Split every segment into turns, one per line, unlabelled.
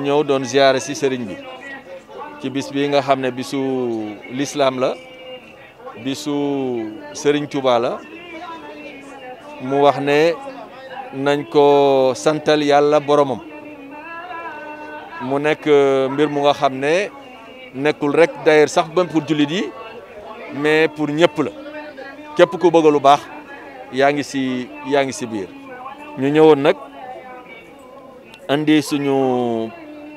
ñew doon ziaré ci sëriñ bi ci bis bi nga xamné bisu l'islam la bisu sëriñ touba la mu wax né nañ ko santal yalla boromam mu nek euh, mbir mu nga xamné nekul rek d'ailleurs sax bam pour julit yi mais pour ñepp la képp ku bëgg lu baax yaangi ci yaangi ci bir ñu ñëwoon nak andi suñu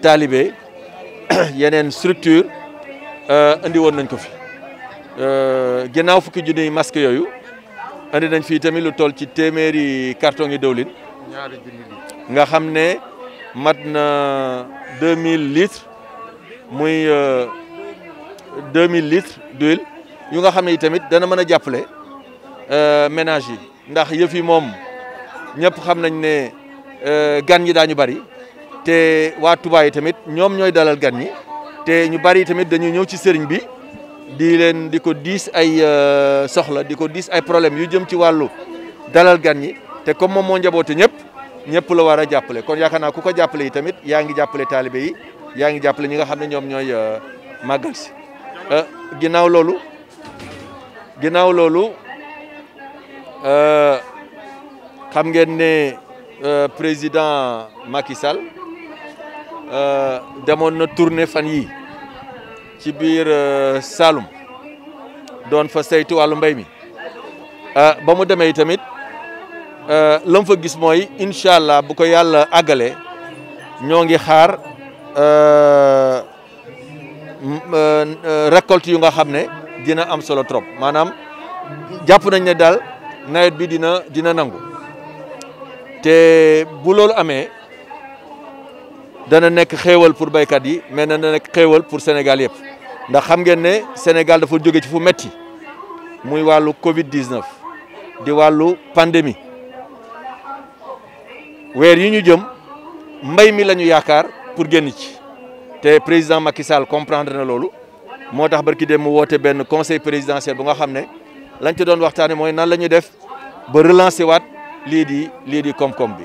talibé yenen structure euh andi won nañ ko fi euh ginnaaw fukki junniy masque yoyu andi nañ fi tamit lu toll ci téeméeri carton yi dëwlin ñaari xam nga xamné matna 2000 litres muy euh 2000 litres d'huile yu nga xam tamit dana mëna jappalé euh ménage yi ndax yëf yi moom ñëpp xam nañ euh gan yi dañu bari te waa Touba tamit ñoom ñooy dalal gan ñi te ñu bari tamit dañuy ñëw ci sëriñ bi di leen di ko diis ay euh, soxla di ko diis ay problème yu jëm ci wàllu dalal gan ñi te comme moom moo njaboote ñëpp ñëpp la war a jàppale kon yaakaar naa ku ko jàppale yi tamit yaa ngi jàppale taalibe yi yaa ngi jàppale ñi nga xam ne ñoom ñooy euh, màggal euh, ginnaaw loolu ginnaaw loolu xam ngeen ne président Macky Sall Euh, demoon na tournée fan yi ci biir euh, Saloum doon fa seytu wàllu mbay mi euh, ba mu demee tamit lam fa gis mooy incha allah bu ko yàlla àggalee ñoo ngi xaar récolte yu nga xam ne dina am solo trop maanaam jàpp nañ ne daal nawet bi dina dina nangu te bu loolu amee. dana nekk xéewal pour béykat yi mais na nekk xéewal pour Sénégal yëpp ndax xam ngeen ne Sénégal dafa jóge ci fu metti muy wàllu Covid 19 di wàllu pandémie weer yi ñu jëm mbay mi la ñu yaakaar pour génn ci te président Macky Sall comprendre na loolu moo tax barki dem mu woote benn conseil présidentiel bu nga xam ne lañ ci doon waxtaanee mooy nan la ñuy def ba relancer waat lii di lii di koom-koom bi.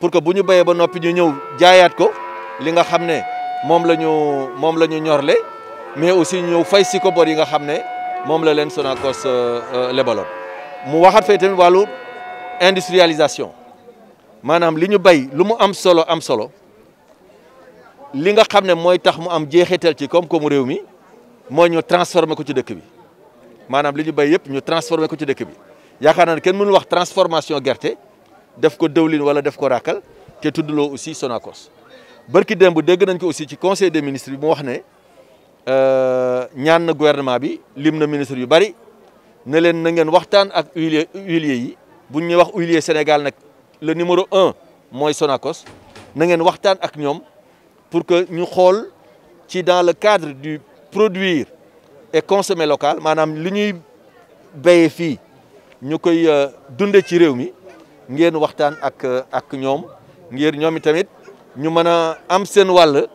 pour que bu ba nopi ñu ñëw jaayat ko li nga xamné ne lañu la lañu mais aussi ce fay ci ko bor yi nga xam ne la leen euh, euh, le mu waxat fay industrialisation Manam li ñu lu mu am solo am solo li nga ne tax mu am ci comme ñu transformer ko ci dëkk bi manam li ñu bay ñu transformer ko ci dëkk bi ken wax transformation def ko dëwlin wala def ko rakal te tuddloo aussi Sonacos barki démb deg nañ ko aussi ci conseil des ministres bi mu wax ne euh, ñaan na gouvernement bi limna na ministre yu bari ne len na ngeen waxtaan ak huilier yi bu ñi wax huilier Sénégal nak le numéro un moy Sonacos na ngeen waxtaan ak ñom pour que ñu xol ci dans le cadre du produire et consommer local manam li ñuy béyee fii ñu euh, ci réew mi ngeen waxtaan ak ak ñoom ngir ñoom tamit ñu mën a am seen wall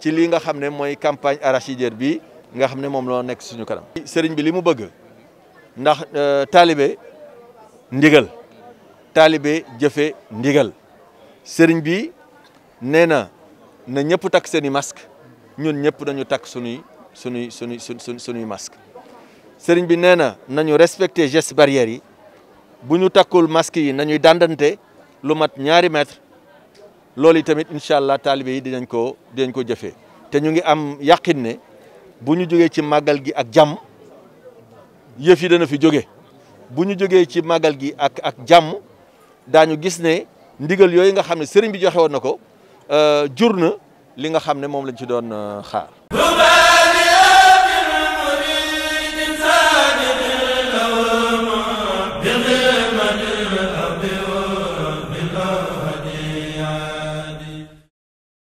ci lii nga xam ne mooy campagne arachidière bi nga xam ne moom loo nekk suñu kanam. sëriñ bi li mu bëgg ndax euh, taalibe ndigal taalibe jëfe ndigal sëriñ bi nee na na ñëpp takk seen i masque ñun ñëpp nañu takk suñuy suñuy suñuy suñuy suñuy masque sëriñ bi nee na nañu respecté gestes barrières yi. bu ñu takkul masque yi nañuy dàndante lu mat ñaari mètre loolu yi tamit incha allah taalibe yi dinañ ko dinañ ko jëfee te ñu ngi am yàqin ne bu ñu jógee ci màggal gi ak jàmm yëf yi dana fi jóge bu ñu jógee ci màggal gi ak ak jàmm daañu gis ne ndigal yooyu nga xam ne sëriñ bi joxe na ko euh, jur na li nga xam ne moom lañ ci doon euh, xaar